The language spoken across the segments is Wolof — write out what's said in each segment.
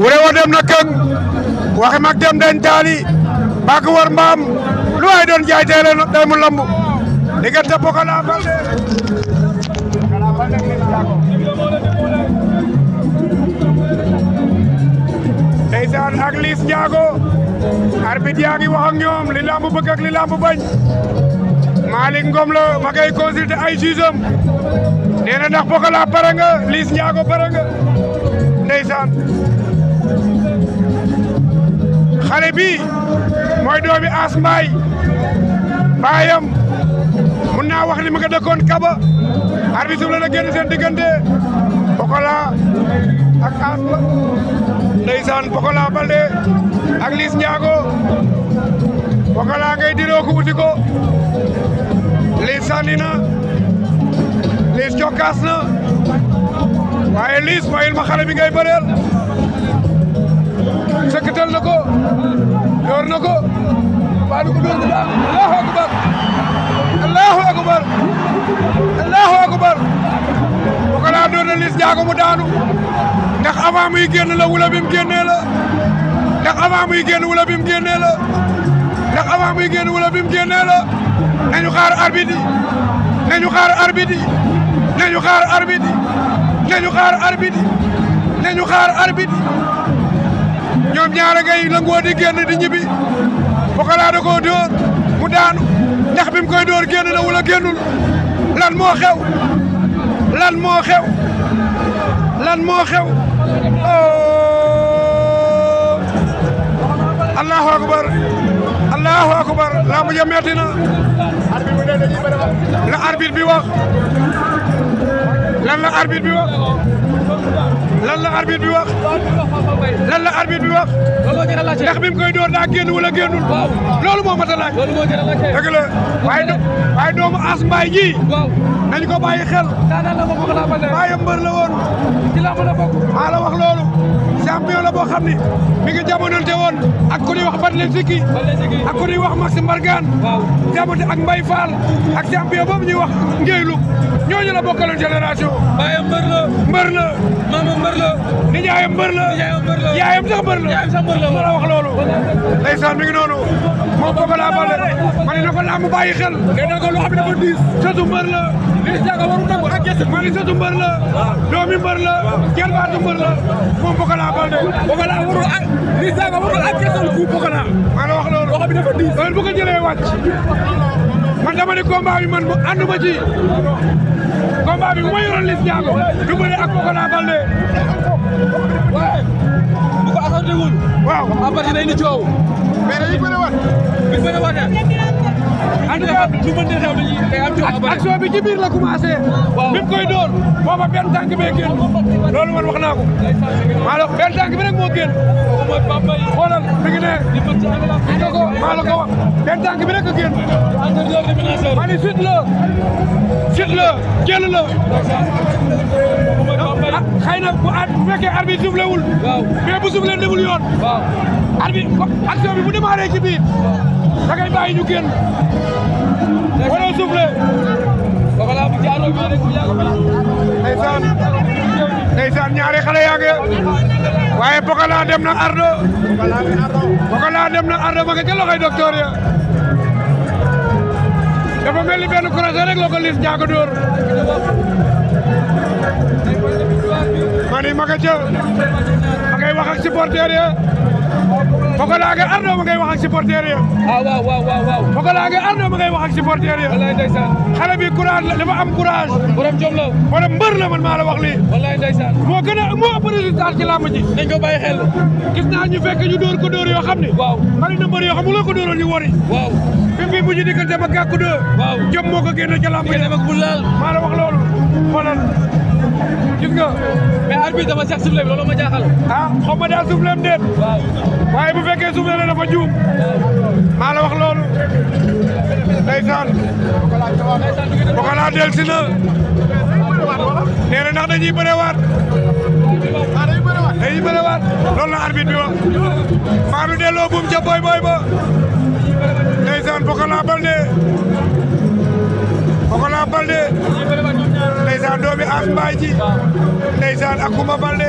wure wo dem na këng waxe mag dem den taali baag war mbaam lu waay doon jaay teele day mu lamb diggante Pokola Baldé ndeysaan ak Liss Ndiago arbitre yaa ngi wax ak ñoom li lamb bañ Malick Ngom la ma koy ay juge am ndax Pokola pare nga Liss Ndiago ndeysaan xale bi mooy doomi Ass baayam mun naa wax mu nga dëkkoon Kaba arbitre bi la na génn seen diggante Pokola ak Ass Mbaye ndeysaan Pokola Baldé ak Liss Ndiago Pokola ngay diroo ko uti ko Liss sànni na na waaye Liss mayul ma xale bi ngay sekkatal na ko yor na ko waa du ko doon daal allahu akbar allahu akbar allahu akbar Pokola doon na Liss Ndiago mu daanu ndax avant muy génn la wula bi mu génnee la ndax avant muy génn wula bi mu génnee la ndax avant muy génn wula bi mu génnee la nañu xaar arbitre yi nañu xaar arbitre yi nañu xaar arbitre yi nañu xaar arbitre yi nañu xaar arbitre yi ñoom ñaara ngay langoo di génn di ñibbi Pokola da koo mu daanu ndax bi mu koy dóor génn na wala génnul lan moo xew lan moo xew lan moo xew oh! allahu akbar allahu akbar laa mu ja na la arbitre bi wax lan la arbitre bi wax lan la arbitre bi wax lan la arbitre bi wax ndax bi mu koy door daa génn wala génnul loolu moo mat a laaj dëgg la waaye waaye doomu as mbaay ji nañ ko bàyyi xel bàyyi mbër la woon maa la wax loolu champion la boo xam ni mi ngi jamonante woon ak ku ñuy wax Badle Ziki ak ku ñuy wax Maxime Mbargane jamonte ak Mbaye Fall ak champion boobu ñuy wax Ngéylu ñooñu la bokkaloon génération. Baye mbër la mbër la. mbër la nijaayam mbër la yaayam sax mbër la yaayam sax wax loolu ndeysaan mi ngi noonu moo bëgg laa bale ma xel nee na ko loo xam ne dafa diis sëtu mbër la diis jaaga waru nangu ak gëstu ma ne sëtu mbër laa bale bëgg laa warul ak diis jaaga warul wax loolu loo xam ne dafa diis heure bu ko jëlee wàcc man dama ne combat man mu ci combat bi bu ma yoroon Liss Ndiago du bëre ak Pokola Baldé waaye bu ni coow lu mën di xew dañuy day am coono bare action bi ci biir la commencé. waaw bi mu koy door booba benn tànk bee génn loolu man wax naa ko. maa la benn tànk bi rek moo génn. xoolal mi ngi ne. li nga ko maa la ko wax benn tànk bi rek a génn. ma ni suite la suite la jël la. Ah, xëy na bu at bu fekkee arbitre soufflé wul. waaw mais bu soufflé demul yoon. waaw arbitre action bi bu démarré ci biir. da ngay bàyyi ñu génn. waroo soufflé ñaari xale yaa waaye Pokola dem na Ardo Pokola dem na Ardo ma nga ca loxoy ya dafa mel ni benn croisé rek ma ni ma nga ma ngay wax ak ya Pokola ak Ardo ma ngay wax ak supporter ya ah, waaw waaw waaw waaw Pokola ak Ardo ma ngay wax ak supporter ya wallaay ndeysaan xale bi courage la dafa am courage borom jom la wala mbër la man maa la wax lii wallaay ndeysaan moo gën a moo ëpp résultat ci ji dañ ko bàyyi xel gis naa ñu fekk ñu dóor ko dóor yoo xam ne waaw bari na mbër yoo xam ne la ko dóoroon ñu wori waaw fi mu mujj diggante ba gàkku dóor waaw jom moo ko génn ci làmb gis nga mais arbitre dafa seet suuf leen ma jaaxal. ah xaw ma daal suuf leen waaye bu fekkee suuf leen dafa juum. maa la wax loolu. ndeysaan. Pokola dellusi na. nee na ndax dañuy bërewaat. dañuy bërewaat. loolu la arbitre bi wax. maa delloo buum ca boy boy ba. ndeysaan Pokola Balde. Pokola Balde. ndeysaan doomi as mbaay ji ndeysaan a Kumba Balde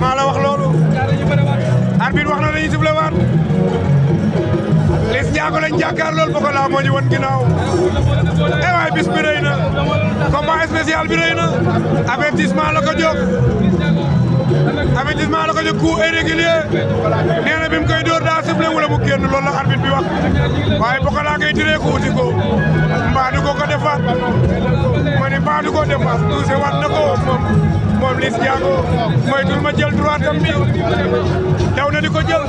maa la wax loolu arbitre wax na dañuy sufle waat Liss Ndiago lañ jàkkaar lool boko la moo won ginnaaw e waay bis bi rëy na combat spécial bi rëy na avertissement la ko jóg avertissement la ko jël coup irrégulier nee na bi mu koy dóor daa sifflé wala mu génn loolu la arbitre bi wax waaye Pokola ngay tiree ko ko mbaa du ko ko defaat ma ne mbaa du ko defaat touché waat na ko moom moom Liss Ndiago moytul ma jël droit bi daw di ko jël.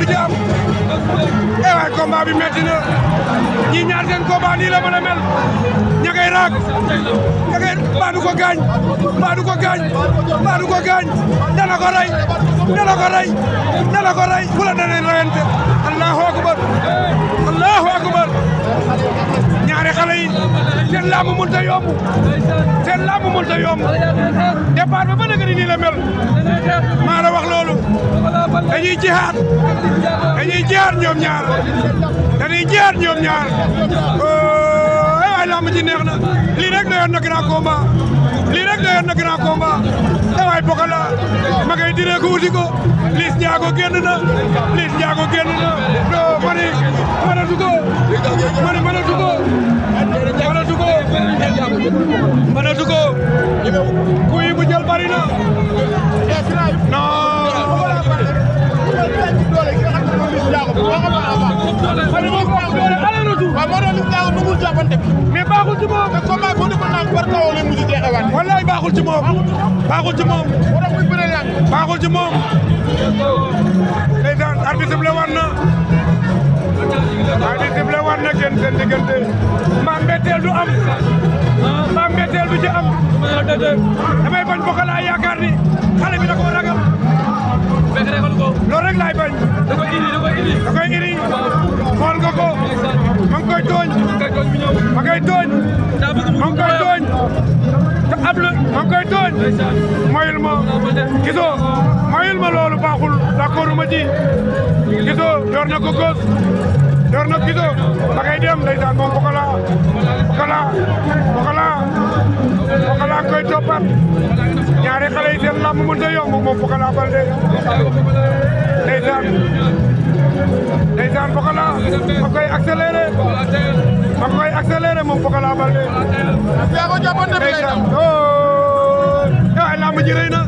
bi di am eh waay combat ñaar seen combat nii la mën a mel ña ngay ko gaañ mbaa ko gaañ mbaa ko gaañ dana ko rey dana ko rey dana ko rey bu danay reyante allahu akbar allahu akbar ñaari xale seen laamu mënut a yomb seen laamu mënut a yomb départ ba ba nga ni nii la maa la wax loolu dañuy jihaat dañuy jihaat ñoom ñaar dañuy jihaat ñoom ñaar oh, ay laamu ji neex na lii rek doyoon na lii rek na grand combat te waay Pokola ma ngay diree ko wuti ko Liss na Liss Ndiago génn na non ma ni mënatu ko ma ni mënatu ko mënatu ko mënatu ko kuy bu jël par kawoo lay mujj jeexewaat. wallaay moom baaxul ci moom. waroon muy bëre làng. baaxul moom. ndeysaan arbitre bi na. arbitre bi la war na kenn seen diggante. maam mbetteel am. maam mbetteel du ci am. damay bañ bokk laa yaakaar ni xale bi da koo ragal. bañ. da koy iri da koy ko. ma tooñ. ma ngi koy tooñ. la ma koy tooñ mayul ma gisoo mayul ma loolu baaxul d'accord ma ji gisoo door na ko góos door na gisoo ma koy dem ndeysaan moom Pokola Pokola Pokola Pokola koy toppat ñaari xale yi seen làmb mënut a yomb moom Pokola Baldé ndeysaan ndeysaan Pokola ma koy accéléré ma koy accéléré moom Pokola Baldé. yaa ko jàppante bi ngay dem yow oh. ay ah, lamb ji rëy na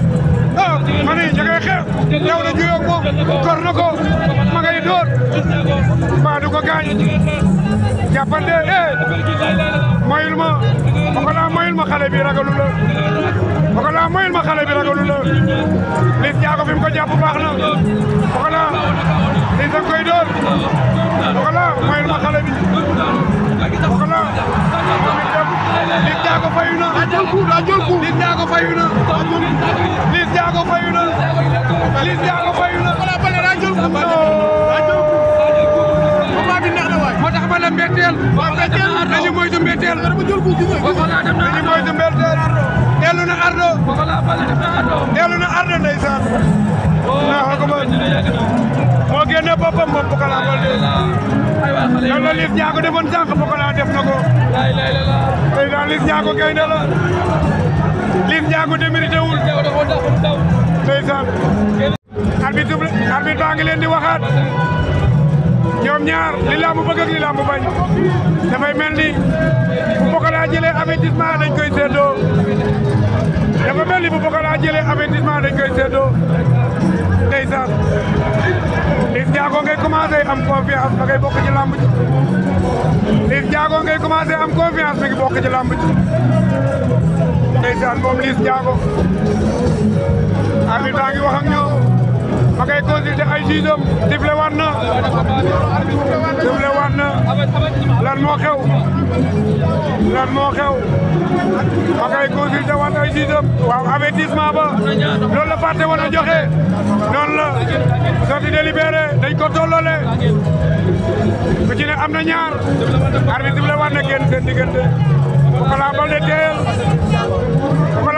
ah ma ne ñu koy xeex kor na ko ma door mbaa du gaañ jàppante eh mayul ma ma xale bi ragalu la ma xale bi ragalu la Liss Ndiago fi mu ko jàpp baax na Pokola Liss da koy door Pokola mayul ma xale Liss Ndiago fayu na. daa jël coup Liss Ndiago fayu na. Liss Ndiago fayu na. Liss Ndiago fayu na. voilà Balla daa jël coup. daa jël coup. combat bi neex na waay. moo tax ma ne mbetteel. waaw dañu moytu mbetteel. voilà dem na Ardo dañu moytu mbetteel. dellu na Ardo. voilà Balla dem na Ardo. dellu na Ardo ndeysaan. moo génne boppam moom Pokola Baldé loolu la Liss Ndiago defoon sànq Pokola def na ko tey daal Liss Ndiago gaynde la Liss Ndiago démérité wul ndeysaan arbitre arbitre baa ngi leen di waxaat ñoom ñaar li làmb bëgg ak mel ni bu Pokola jëlee avertissement dañ koy seddoo dafa koy seddoo Ndiago ngay commencé am confiance ba ngay bokk ci làmb ji Liss Ndiago ngay commencé am confiance mi ngi bokk ci làmb ji ndeysaan moom Liss Ndiago arbitre baa ngi wax ak ma ngay consulté ay jugeem sifflé waat na sifflé waat na lan moo xew ay jugeem waaw avertissement ba loolu la fàtte woon joxe noonu la sortie délibérée dañ ko tolloole ku ci ne am na ñaar arbitre sifflé waat na génn seen diggante Pokola Baldé teel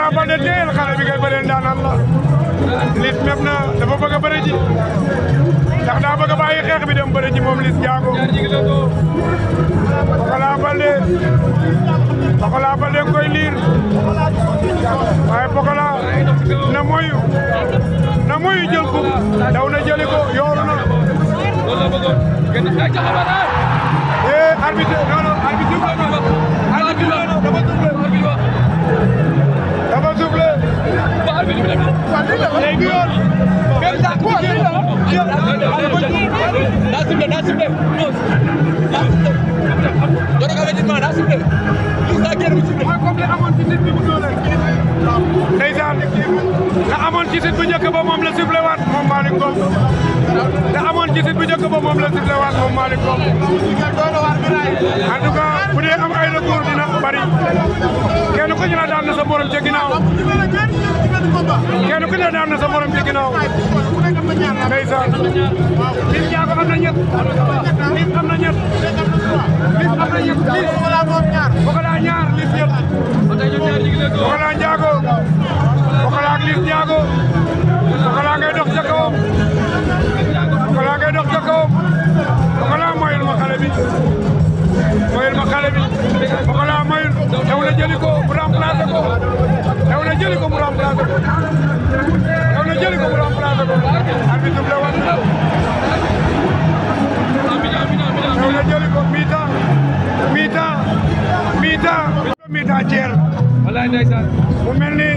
Ama Baldé teel xale bi ngay bëreel daanaan la Liss na dafa bëgg a bëri daa bëgg a bàyyi xeex bi dem bëri ji moom Liss Ndiago Pokola Baldé Pokola Baldé koy liir waaye Pokola na moyu na moyu jël ko daw na jëli ko yooru na eh arbitre non non arbitre ndeysaan la amoon ci sit bu njëkk ba moom la sifflé waat moom Malick Ngom la amoon ci bu njëkk ba moom la sifflé waat moom Malick Ngom en bu dee am ay dina bari kenn ku ñu daan sa morom ca ginnaaw kenn ku ne daan na sa morom ci ginnaaw am na ñett lim am jëli ko mu remplacé ko daw na jëli ko mu remplacé ko daw na jëli ko mu remplacé ko arbitre bi la war na daw na jëli ko mi-temps mi-temps mi-temps mi-temps jeer mu mel ni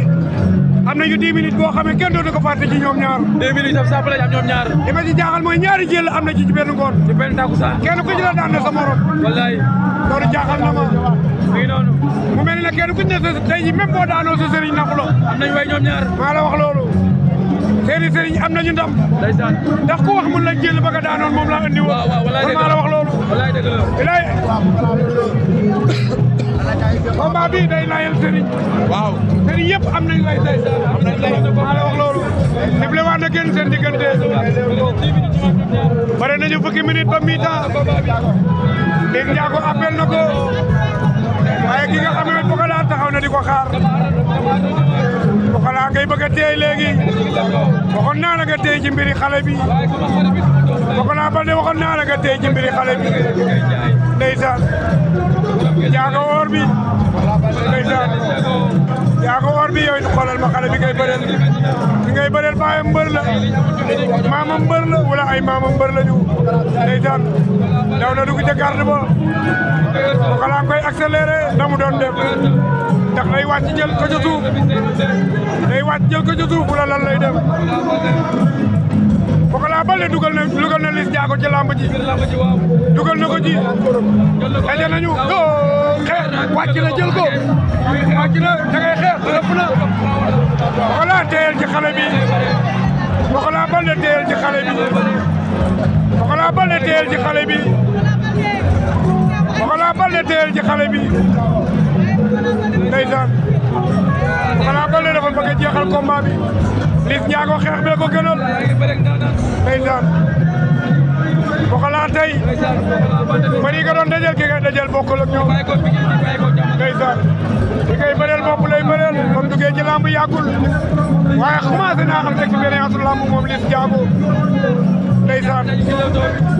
am nañu 10 minutes boo xam ne kenn dootu ko fàtte ci ñoom ñaar 10 minutes am sàpp ñoom ñaar li ma ci jaaxal mooy ñaari jël am na ci ci benn ngoon ci benn takusaan kenn ku ci daan na sa morom wallaay loolu jaaxal na ma fii noonu mu mel kenn ku ci sa tey ji même boo daanoo sa sëriñ naku am nañ way ñoom ñaar maa la wax loolu seeni sëriñ am nañu ndam ndeysaan ndax ku wax mun la jël ba nga daanoon moom laa andi woon man maa la wax loolu wallaay dëgg la bilaay combat bi day layal sëriñ waaw sëriñ yëpp am nañ lay ndeysaan am nañ lay maa la wax loolu dible waa na gën seen diggante bare nañu fukki minute ba mi-temps dégg njaago appel na ko waaye ki nga xam ne taxaw na di ko xaar Pokola ngay bëgg a téye léegi waxoon naa la nga téye ci mbiri xale bi Pokola Baldé waxoon naa la nga téye ci mbiri xale bi ndeysaan jaaga woor bi ndeysaan jaaga woor bi yow it xoolal ma xale bi ngay bëreel bi ngay bëreel baayam mbër la maamam mbër la wala ay maamam mbër la ñu ndeysaan daw na dugg ca garde ba Pokola koy accéléré na mu doon def ndax day wàcc jël ko ca suuf day wàcc la lan lay dem Pokola Baldé dugal na dugal na Liss Ndiago dugal na ko ji xeex nañu xeex na jël ko wàcc na da ngay xeex rëpp na Pokola teyel xale bi ndeysaan xanaa Baldé dafa bëgg a jeexal combat bi Liss Ndiago xeex bi la ko gënal ndeysaan Pokola tey mbër yi nga doon dajal ki nga dajal bokkul ak ñoom ndeysaan ki ngay bëreel bopp lay bëreel comme duggee ci làmb yàggul waaye commencé naa xam ne expérience làmb moom Liss Ndiago ndeysaan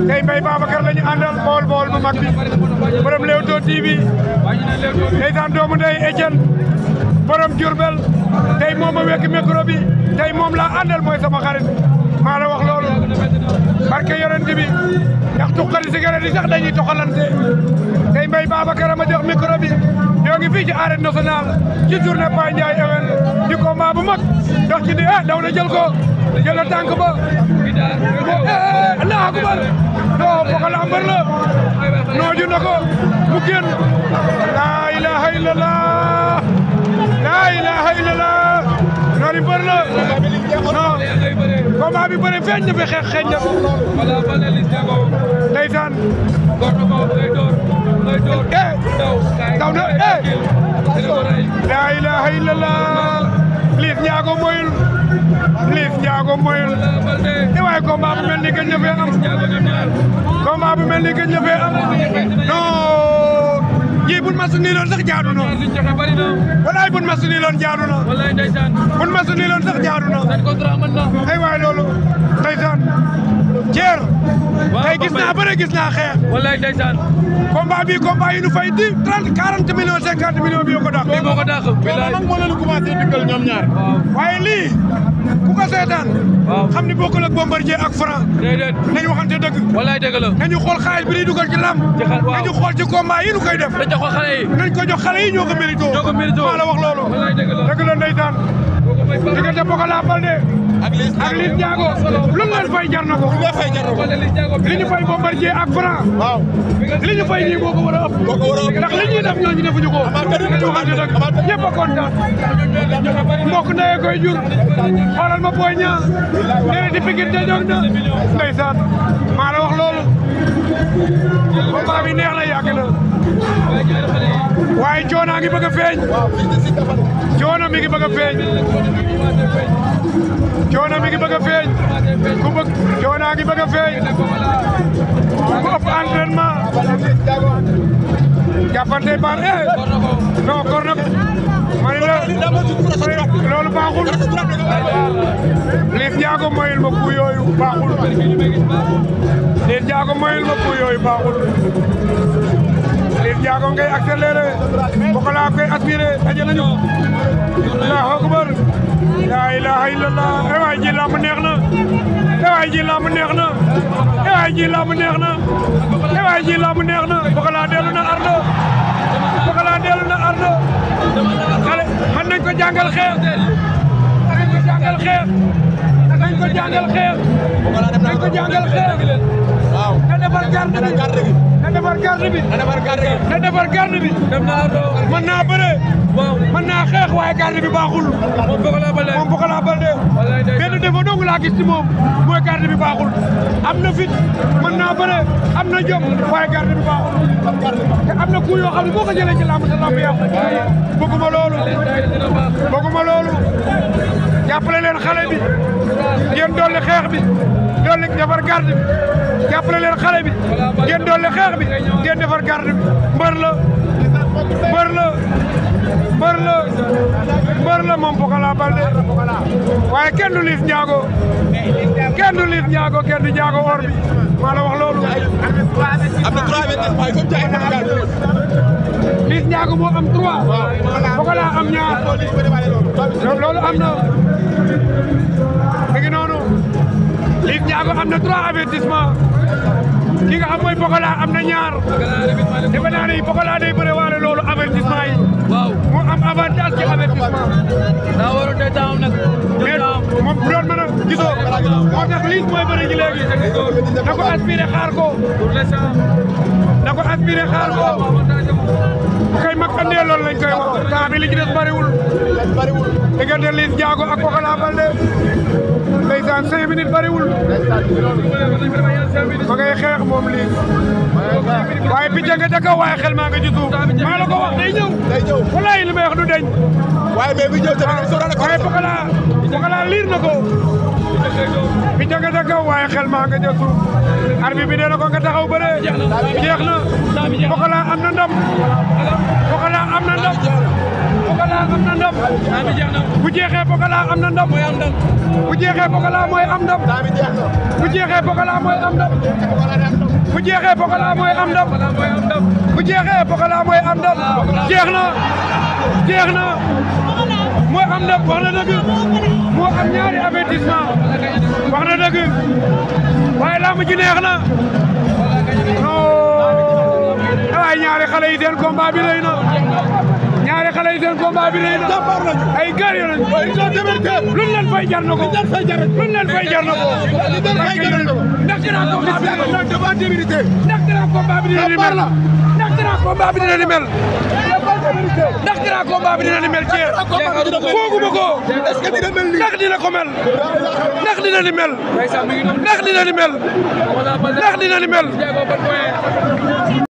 tey Mbaye Babacar la ñu àndal bool bool bu mag bi borom Leewtoo TV ndeysaan doomu ndey Etienne borom Diourbel tey moom a wekk micro tey moom laa àndal mooy sama xarit maa wax loolu barke yorente bi ndax tuqali cigarette yi sax dañuy toxalante tey Mbaye Babacar ma jox micro bi ñoo ngi fii ci arène nationale ci journée Baye Ndiaye Ewen di combat bu mag dox ci di ah, daw na jël ko jël na tànk ba eh, allahu akbar non Pakala ambar la nooju na ko mu génn laa ilaha illallah laa ilaha illallah noori mbër la non combat bi bëre feeñ na fi xeex xeeñ na ndeysaan eh daw na eh laa ilaha illallah liis ñaago moyul liif njaago moyul i waay combat bu mel ni gëj na fee am bu mel ni gëj na fee am non ji buñ sax jaadu na walaay buñ ma su nii loon jaadu sax jaadu na ay waay Thier. tey gis naa bëre gis naa xeex. wallaay ndeysaan. combat bi nu fay di trente quarante millions cinquante millions bi yoo ko dàq. bii moo ko dàq. bilaay nag moo leen commencé dikkal ñoom ñaar. waaye ko seetaan. waaw xam ni bokkul ak Bombardier ak Franc. déedéet nañu nu koy def. nañ ko jox xale yi. nañ ko jox ñoo ko mérito. ñoo ko wax loolu. wallaay dëgg la dëgg la ndeysaan diggante Pokola Baldé ak Liss Ndiago lu ñu leen fay jar na ko. li ñu fay Bombardier ak Franc. waaw li ñu fay nii boo ko war a ëpp. ndax li ñuy def ñooñu defuñu ko. ñëpp a kontaan. mbokk jur xoolal ma booy ñaa nee di pikit te jóg na ndeysaan maa la wax loolu combat bi neex na yàgg na. waaye Joona a ngi bëgg a feeñ Joona mi ngi bëgg a feeñ Joona mi ngi bëgg a feeñ ku bëgg Joona a ngi bëgg a feeñ ku ëpp entraînement jàppante baal eh non kor na ma ne la loolu baaxul Liss Ndiago mayul ma ku yooyu baaxul Liss Ndiago mayul ma ku yooyu baaxul Aline Diago ngay accéléré Pokola koy aspiré daje nañu Allahu akbar la ilaha illallah ay eh waay ji lamb neex na ay eh waay ji lamb neex na ay eh waay ji lamb neex na ay waay ji na Pokola dellu na ardo Pokola na ardo xale mën nañ ko jàngal xeex dañ ko jàngal xeex. na defar garde bi na defar garde bi. na defar garde bi na defar naa doo mën naa xeex waaye garde bi baaxul. moom Pokola Baldé moom Pokola Baldé. wallaay day garde bi baaxul. am na fit mën naa bëree am na jom waaye garde bi baaxul. te am na ku yoo xam ne boo ko jëlee ci jàppale leen xale bi ngeen dolli xeex bi dolli defar garde bi jàppale leen xale bi ngeen dolli xeex bi ngeen defar garde bi mbër la mbër la mbër la mbër la moom Pokola Baldé waaye kenn du liif njaago kenn du liif njaago kenn du njaago or bi maa la wax loolu. am na 3 mètres waaye comme jaay na liif njaago moo am 3. Pokola am ñaar loolu am na. mi ngi noonu Liss Ndiago am na trois avertissement ki nga xam mooy Pokola am na ñaar defe naa ne Pokola day bëre waale loolu avertissement yi. am avantage ci avertissement. daa war moom bu doon mën a moo tax Liss mooy bëre ji léegi na ko aspiré xaar ko. na ko aspiré kay makandee loolu lañ koy wax temps bi li ci des bariwul diggante ak Pokola Baldé ndeysaan cinq minutes bariwul ma ngay xeex moom Liss waaye picc nga ca kaw waaye xel maa nga ci maa la wax day ñëw walaay li may du deñ waaye mais bi ñëw tamit waaye Pokola liir na bi jóge ca kaw waaye xel maa nga jël suuf arbi bi nee na ko nga taxaw bëre jeex na Pokola am na ndam Pokola am na ndam Pokola am na ndam bu jeexee Pokola am na ndam bu jeexee Pokola mooy am ndam bu jeexee Pokola mooy am ndam bu jeexee Pokola mooy am ndam bu jeexee Pokola mooy am ndam jeex na jeex na moo am na wax na dëgg moo am ñaari avertissement wax na dëgg waaye làmb ji neex na oh, ay ñaari xale yi seen combat bi na ñaari xale yi seen combat bi na ay gar yo lañ luñ leen fay jar na ko luñ leen fay jar na ko ndax dina combat bi dina li mel ndax dina combat bi dina li mel ndax grand combat bi dina ni mel Thier fooguma ko ndax dina ko mel ndax dina ni mel ndax dina ni mel ndax dina ni mel